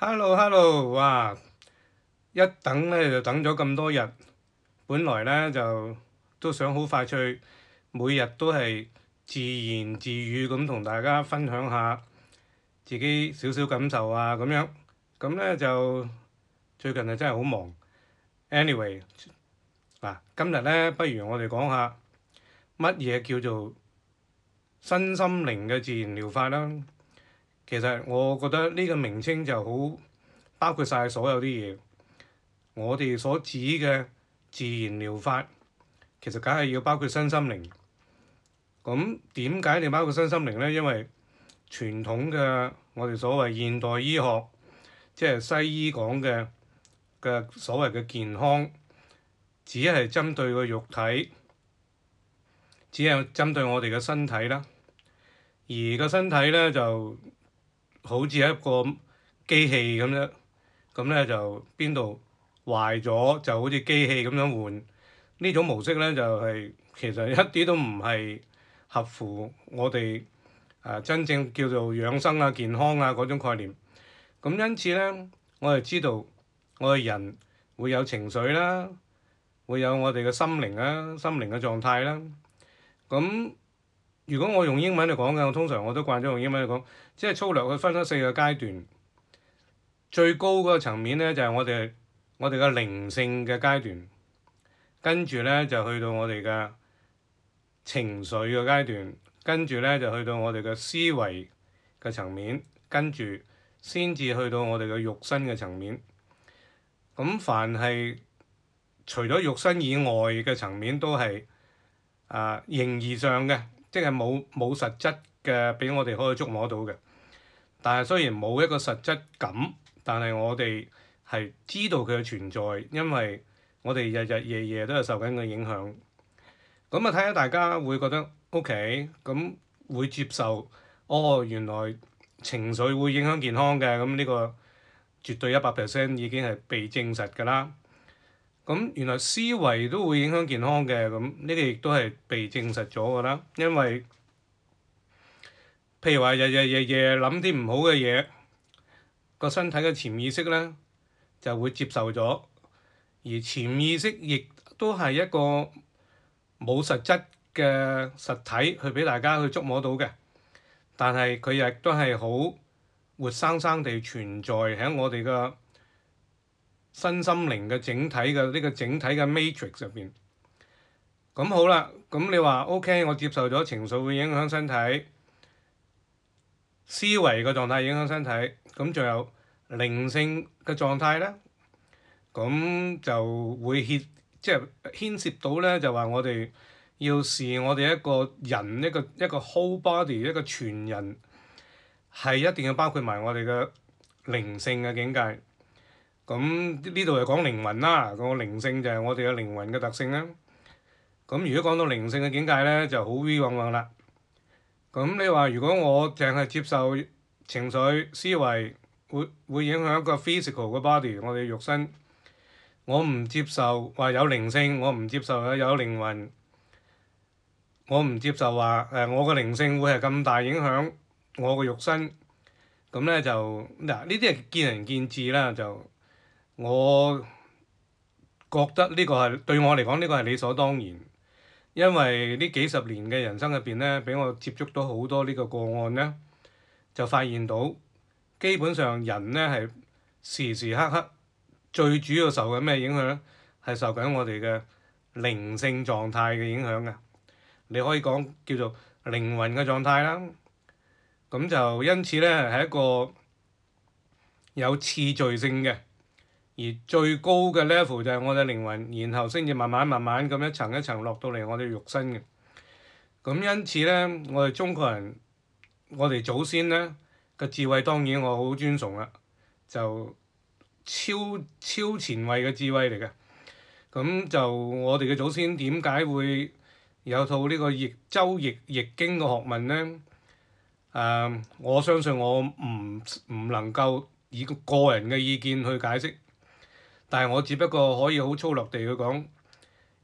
Hello，Hello，Hello，哇！一等咧就等咗咁多日，本來咧就都想好快趣，每日都係自言自語咁同大家分享下自己少少感受啊咁樣，咁咧就最近啊真係好忙。Anyway，嗱，今日咧不如我哋講下乜嘢叫做身心靈嘅自然療法啦。其實我覺得呢個名稱就好包括晒所有啲嘢。我哋所指嘅自然療法，其實梗係要包括身心靈。咁點解要包括身心靈咧？因為傳統嘅我哋所謂現代醫學，即係西醫講嘅嘅所謂嘅健康，只係針對個肉體，只係針對我哋嘅身體啦。而個身體咧就，好似一個機器咁樣，咁咧就邊度壞咗就好似機器咁樣換呢種模式咧，就係、是、其實一啲都唔係合乎我哋誒、啊、真正叫做養生啊、健康啊嗰種概念。咁因此咧，我就知道我哋人會有情緒啦，會有我哋嘅心靈、啊、啦、心靈嘅狀態啦。咁如果我用英文嚟講嘅，我通常我都慣咗用英文嚟講。即係粗略去分咗四個階段，最高嗰個層面咧就係我哋我哋嘅靈性嘅階段，跟住咧就去到我哋嘅情緒嘅階段，跟住咧就去到我哋嘅思維嘅層面，跟住先至去到我哋嘅肉身嘅層面。咁凡係除咗肉身以外嘅層面都係啊、呃、形而上嘅，即係冇冇實質嘅俾我哋可以觸摸到嘅。但係雖然冇一個實質感，但係我哋係知道佢嘅存在，因為我哋日日夜夜都係受緊佢影響。咁啊，睇下大家會覺得 OK，咁會接受。哦，原來情緒會影響健康嘅，咁呢個絕對一百 percent 已經係被證實㗎啦。咁原來思維都會影響健康嘅，咁呢個亦都係被證實咗㗎啦，因為。譬如話，日日日夜諗啲唔好嘅嘢，個身體嘅潛意識咧就會接受咗，而潛意識亦都係一個冇實質嘅實體去俾大家去捉摸到嘅。但係佢亦都係好活生生地存在喺我哋嘅身心靈嘅整體嘅呢個整體嘅 matrix 入邊。咁好啦，咁你話 OK，我接受咗情緒會影響身體。思維嘅狀態影響身體，咁仲有靈性嘅狀態咧，咁就會牽即係牽涉到咧，就話我哋要視我哋一個人一個一個 whole body 一個全人係一定要包括埋我哋嘅靈性嘅境界。咁呢度係講靈魂啦，個靈性就係我哋嘅靈魂嘅特性啦。咁如果講到靈性嘅境界咧，就好 vavav 啦。咁你話如果我淨係接受情緒思維，會會影響個 physical 嘅 body，我哋肉身。我唔接受話有靈性，我唔接受有靈魂。我唔接受話誒，我個靈性會係咁大影響我個肉身。咁咧就嗱，呢啲係見仁見智啦。就我覺得呢個係對我嚟講，呢個係理所當然。因為呢幾十年嘅人生入邊咧，俾我接觸到好多呢個個案咧，就發現到基本上人咧係時時刻刻最主要受緊咩影響？係受緊我哋嘅靈性狀態嘅影響㗎。你可以講叫做靈魂嘅狀態啦。咁就因此咧，係一個有次序性嘅。而最高嘅 level 就係我哋靈魂，然後先至慢慢慢慢咁一層一層落到嚟我哋肉身嘅。咁因此咧，我哋中國人，我哋祖先咧嘅智慧，當然我好尊崇啦，就超超前衞嘅智慧嚟嘅。咁就我哋嘅祖先點解會有套呢個易、周易、易經嘅學問咧？誒、呃，我相信我唔唔能夠以個人嘅意見去解釋。但係我只不過可以好粗略地去講，《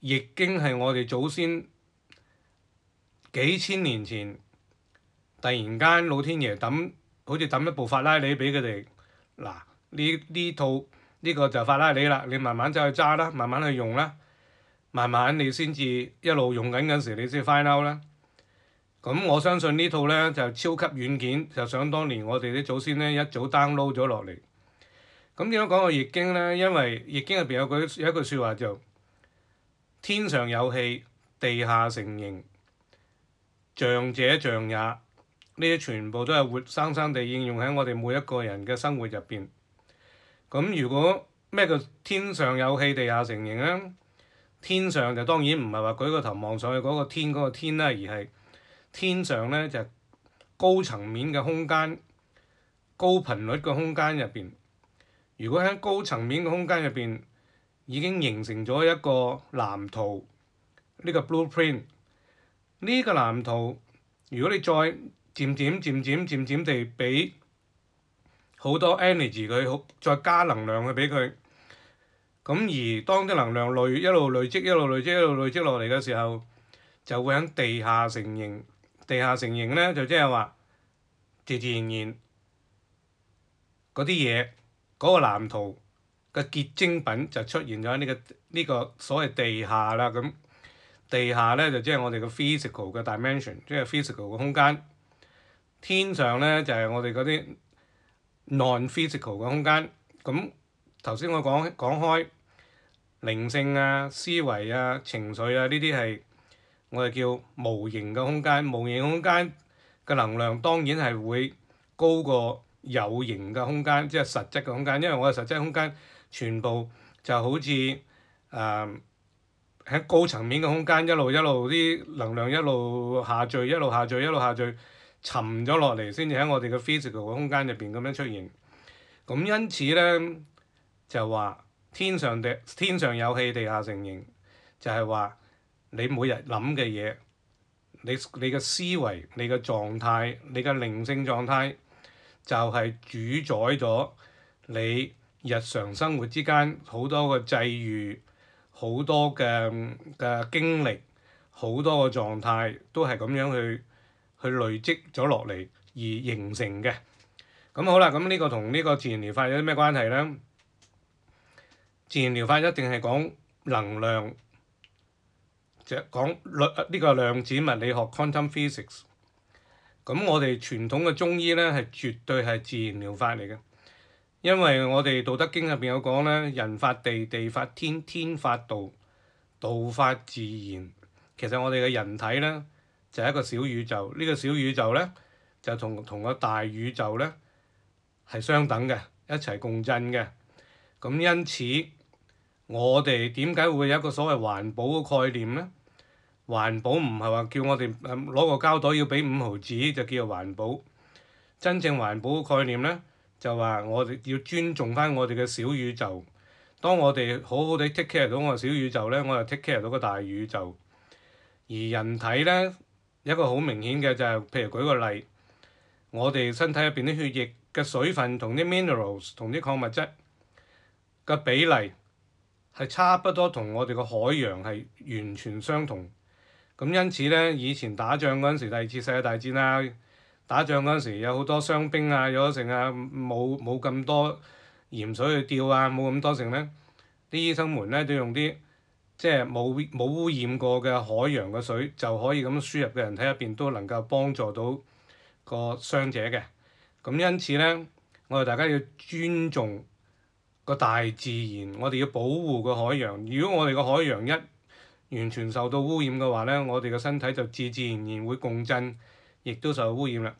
易經》係我哋祖先幾千年前突然間老天爺抌，好似抌一部法拉利俾佢哋。嗱，呢呢套呢、呢個就法拉利啦，你慢慢走去揸啦，慢慢去用啦，慢慢你先至一路用緊嗰時，你先 find out 啦。咁我相信套呢套咧就是、超級軟件，就想當年我哋啲祖先咧一早 download 咗落嚟。咁點樣講《易經》咧？因為《易經》入邊有句有一句説話叫，就天上有氣，地下成形。象者象也，呢啲全部都係活生生地應用喺我哋每一個人嘅生活入邊。咁如果咩叫天上有氣，地下成形咧？天上就當然唔係話舉個頭望上去嗰個天嗰個天啦，而係天上咧就是、高層面嘅空間、高頻率嘅空間入邊。如果喺高層面嘅空間入邊已經形成咗一個藍圖，呢、呢個 blueprint，呢個藍圖，如果你再漸漸漸漸漸漸地俾好多 energy 佢，好，再加能量去俾佢，咁而當啲能量累一路累積一路累積一路累積落嚟嘅時候，就會喺地下成形。地下成形咧，就即係話，自自然然嗰啲嘢。嗰個藍圖嘅結晶品就出現咗喺呢個呢個所謂地下啦，咁地下咧就即係我哋嘅 physical 嘅 dimension，即係 physical 嘅空間。天上咧就係我哋嗰啲 non-physical 嘅空間。咁頭先我講講開靈性啊、思維啊、情緒啊呢啲係我哋叫無形嘅空間，無形空間嘅能量當然係會高過。有形嘅空間，即係實質嘅空間。因為我嘅實質空間全部就好似誒喺高層面嘅空間，一路一路啲能量一路下墜，一路下墜，一路下墜，沉咗落嚟，先至喺我哋嘅 physical 嘅空間入邊咁樣出現。咁因此咧就話天上嘅，天上有氣，地下成形，就係、是、話你每日諗嘅嘢，你你嘅思維、你嘅狀態、你嘅靈性狀態。就係主宰咗你日常生活之間好多個際遇，好多嘅嘅經歷，好多個狀態都係咁樣去去累積咗落嚟而形成嘅。咁好啦，咁呢個同呢個自然療法有啲咩關係咧？自然療法一定係講能量，即係講呢個量子物理學 （quantum physics）。咁我哋傳統嘅中醫咧係絕對係自然療法嚟嘅，因為我哋《道德經》入邊有講咧，人法地，地法天，天法道，道法自然。其實我哋嘅人體咧就係一個小宇宙，呢個小宇宙咧就同同個大宇宙咧係相等嘅，一齊共振嘅。咁因此，我哋點解會有一個所謂環保嘅概念咧？環保唔係話叫我哋攞個膠袋要俾五毫子就叫做環保，真正環保嘅概念咧，就話我哋要尊重翻我哋嘅小宇宙。當我哋好好地 take care 到我小宇宙咧，我就 take care 到個大宇宙。而人體咧，一個好明顯嘅就係，譬如舉個例，我哋身體入邊啲血液嘅水分同啲 minerals 同啲礦物質嘅比例係差不多，同我哋嘅海洋係完全相同。咁因此咧，以前打仗嗰陣時第二次世界大戰啊，打仗嗰陣時有好多傷兵啊，有成啊冇冇咁多鹽水去吊啊，冇咁多成咧，啲醫生們咧都用啲即係冇冇污染過嘅海洋嘅水就可以咁輸入嘅人體入邊都能夠幫助到個傷者嘅。咁因此咧，我哋大家要尊重個大自然，我哋要保護個海洋。如果我哋個海洋一完全受到污染嘅話咧，我哋嘅身體就自自然然會共振，亦都受到污染啦。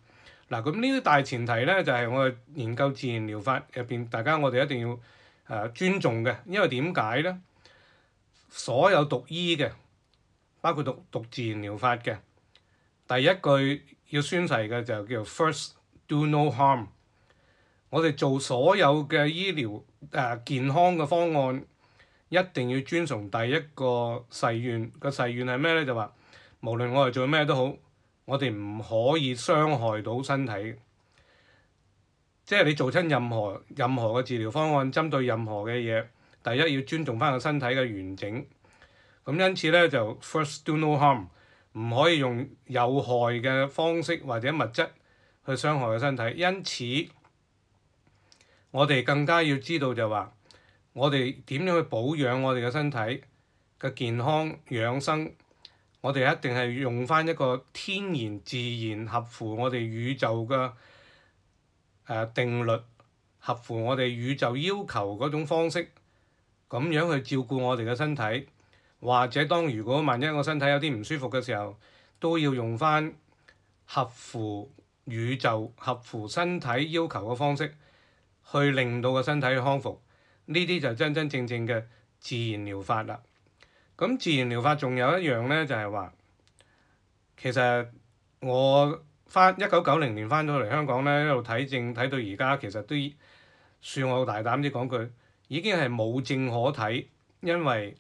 嗱，咁呢啲大前提咧，就係、是、我哋研究自然療法入邊，大家我哋一定要誒、呃、尊重嘅，因為點解咧？所有讀醫嘅，包括讀讀自然療法嘅，第一句要宣誓嘅就叫做 First Do No Harm。我哋做所有嘅醫療誒、呃、健康嘅方案。一定要遵從第一個誓願，個誓願係咩咧？就話無論我哋做咩都好，我哋唔可以傷害到身體。即係你做親任何任何嘅治療方案，針對任何嘅嘢，第一要尊重翻個身體嘅完整。咁因此咧，就 First Do No Harm，唔可以用有害嘅方式或者物質去傷害個身體。因此，我哋更加要知道就話。我哋點樣去保養我哋嘅身體嘅健康養生？我哋一定係用返一個天然自然、合乎我哋宇宙嘅誒、呃、定律，合乎我哋宇宙要求嗰種方式，咁樣去照顧我哋嘅身體。或者當如果萬一我身體有啲唔舒服嘅時候，都要用返合乎宇宙、合乎身體要求嘅方式，去令到個身體康復。呢啲就真真正正嘅自然療法啦。咁自然療法仲有一樣咧，就係話其實我翻一九九零年翻到嚟香港咧，一路睇症睇到而家，其實都算我好大膽啲講句，已經係冇症可睇，因為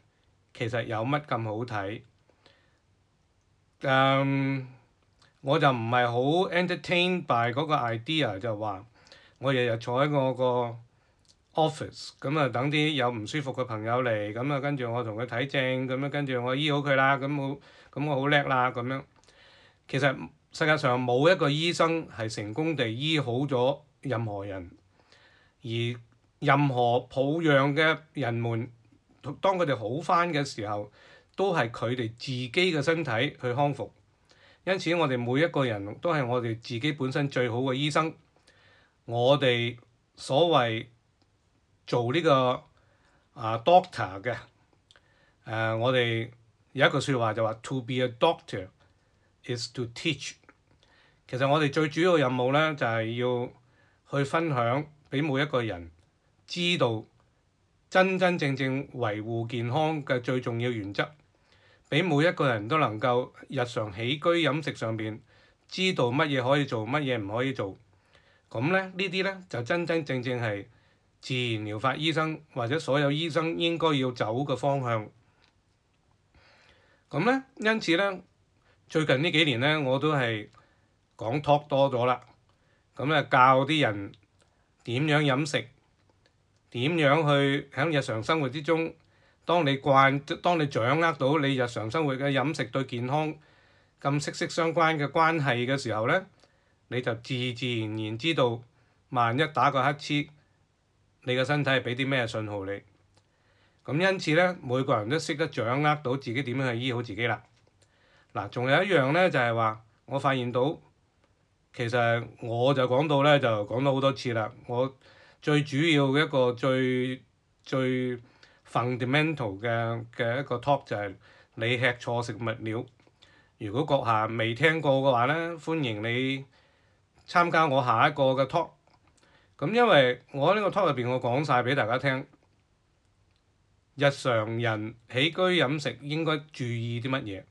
其實有乜咁好睇？誒，um，我就唔係好 entertain by 嗰個 idea，就話我日日坐喺我個。Office 咁啊！等啲有唔舒服嘅朋友嚟，咁啊跟住我同佢睇症，咁啊跟住我醫好佢啦。咁好，咁我好叻啦。咁樣其實世界上冇一個醫生係成功地醫好咗任何人，而任何抱養嘅人們，當佢哋好返嘅時候，都係佢哋自己嘅身體去康復。因此，我哋每一個人都係我哋自己本身最好嘅醫生。我哋所謂……做呢、這個啊、uh, doctor 嘅，誒、uh, 我哋有一句説話就話 to be a doctor is to teach。其實我哋最主要任務咧就係、是、要去分享俾每一個人知道真真正正維護健康嘅最重要原則，俾每一個人都能夠日常起居飲食上邊知道乜嘢可以做，乜嘢唔可以做。咁咧呢啲咧就真真正正係，自然療法醫生或者所有醫生應該要走嘅方向，咁咧，因此咧，最近呢幾年咧，我都係講 talk 多咗啦，咁咧教啲人點樣飲食，點樣去喺日常生活之中，當你慣，當你掌握到你日常生活嘅飲食對健康咁息息相關嘅關係嘅時候咧，你就自自然然知道，萬一打個乞嗤。你嘅身體係俾啲咩信號你？咁因此咧，每個人都識得掌握到自己點樣去醫好自己啦。嗱，仲有一樣咧，就係話我發現到，其實我就講到咧，就講咗好多次啦。我最主要一個最最 fundamental 嘅嘅一個 talk 就係你吃錯食物了。如果閣下未聽過嘅話咧，歡迎你參加我下一個嘅 talk。咁因為我呢個 talk 入邊，我講曬俾大家聽，日常人起居飲食應該注意啲乜嘢？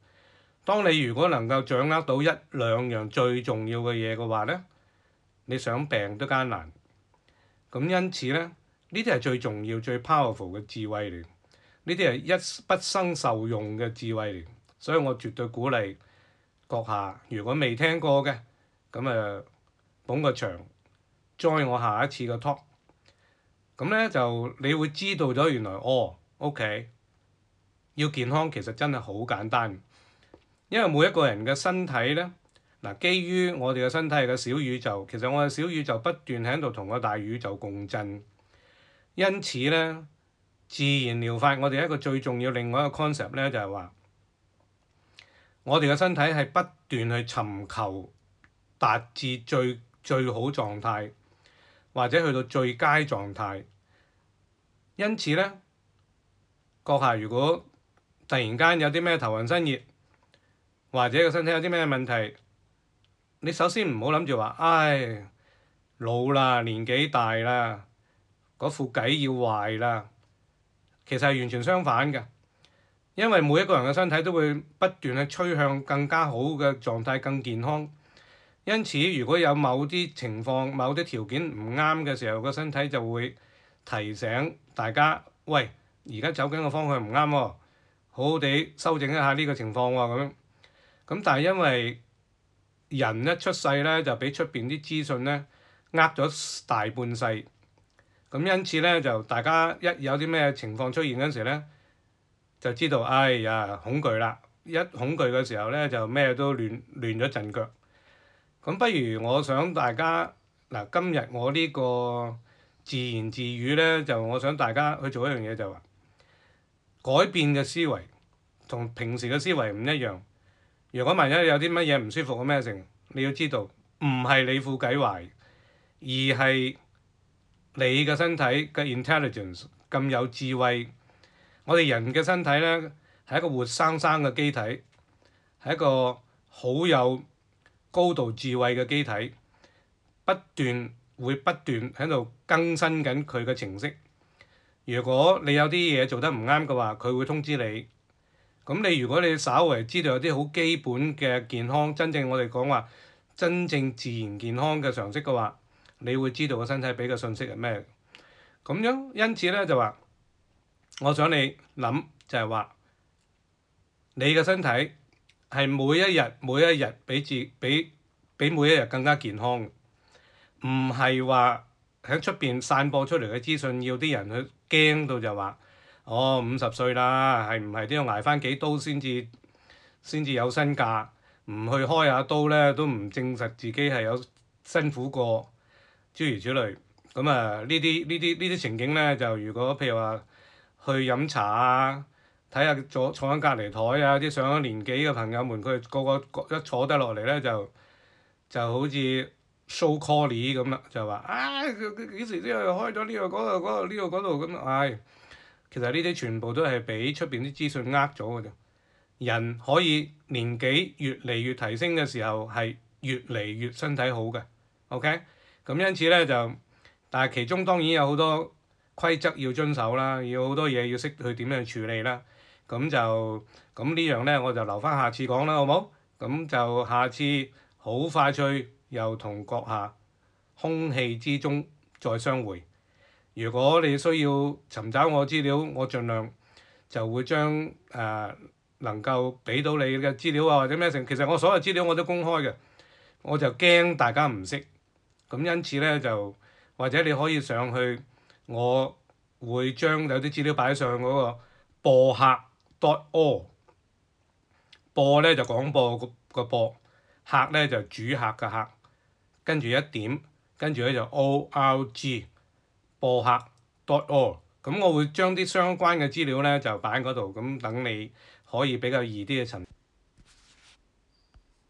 當你如果能夠掌握到一兩樣最重要嘅嘢嘅話咧，你想病都艱難。咁因此咧，呢啲係最重要、最 powerful 嘅智慧嚟。呢啲係一不生受用嘅智慧嚟，所以我絕對鼓勵閣下，如果未聽過嘅，咁誒捧個場。再我下一次嘅 talk，咁咧就你會知道咗原來哦，OK，要健康其實真係好簡單，因為每一個人嘅身體咧，嗱基於我哋嘅身體係個小宇宙，其實我嘅小宇宙不斷喺度同個大宇宙共振，因此咧自然療法我哋一個最重要另外一個 concept 咧就係話我哋嘅身體係不斷去尋求達至最最好狀態。或者去到最佳狀態，因此咧，閣下如果突然間有啲咩頭暈身熱，或者個身體有啲咩問題，你首先唔好諗住話，唉，老啦，年紀大啦，嗰副偈要壞啦，其實係完全相反㗎，因為每一個人嘅身體都會不斷去趨向更加好嘅狀態，更健康。因此，如果有某啲情況、某啲條件唔啱嘅時候，個身體就會提醒大家：喂，而家走緊嘅方向唔啱喎，好好地修正一下呢個情況喎咁樣。咁但係因為人一出世咧，就俾出面啲資訊咧呃咗大半世，咁因此咧就大家一有啲咩情況出現嗰陣時咧，就知道，哎呀恐懼啦！一恐懼嘅時候咧，就咩都亂亂咗陣腳。咁不如我想大家嗱，今日我呢個自言自語咧，就我想大家去做一樣嘢，就是，就話改變嘅思維同平時嘅思維唔一樣。如果萬一有啲乜嘢唔舒服啊咩成，你要知道唔係你部機壞，而係你嘅身體嘅 intelligence 咁有智慧。我哋人嘅身體咧係一個活生生嘅機體，係一個好有。高度智慧嘅機體不斷會不斷喺度更新緊佢嘅程式。如果你有啲嘢做得唔啱嘅話，佢會通知你。咁你如果你稍微知道有啲好基本嘅健康，真正我哋講話真正自然健康嘅常識嘅話，你會知道個身體俾嘅信息係咩？咁樣因此咧就話，我想你諗就係話你嘅身體。係每一日每一日比自俾俾每一日更加健康。唔係話喺出邊散播出嚟嘅資訊要啲人去驚到就話，哦五十歲啦，係唔係都要挨翻幾刀先至先至有身價？唔去開下刀咧，都唔證實自己係有辛苦過，諸如此類。咁啊，呢啲呢啲呢啲情景咧，就如果譬如話去飲茶啊～睇下坐坐喺隔離台啊！啲上咗年紀嘅朋友們，佢個個個一坐低落嚟咧，就就好似 show call 咁啦，就話啊佢幾時先開咗呢度嗰度嗰度呢度嗰度咁唉。其實呢啲全部都係俾出面啲資訊呃咗嘅啫。人可以年紀越嚟越提升嘅時候，係越嚟越身體好嘅。OK，咁因此咧就，但係其中當然有好多規則要遵守啦，有好多嘢要識去點樣處理啦。咁就咁呢樣咧，我就留翻下次講啦，好冇？好？咁就下次好快脆又同閣下空氣之中再相會。如果你需要尋找我資料，我儘量就會將誒、呃、能夠俾到你嘅資料啊，或者咩成，其實我所有資料我都公開嘅。我就驚大家唔識，咁因此咧就或者你可以上去，我會將有啲資料擺上嗰個播客 dot org 播咧就廣播個個播客咧就主客嘅客，跟住一點，跟住咧就 org 播客 dot org，咁我會將啲相關嘅資料咧就擺喺嗰度，咁等你可以比較易啲嘅尋。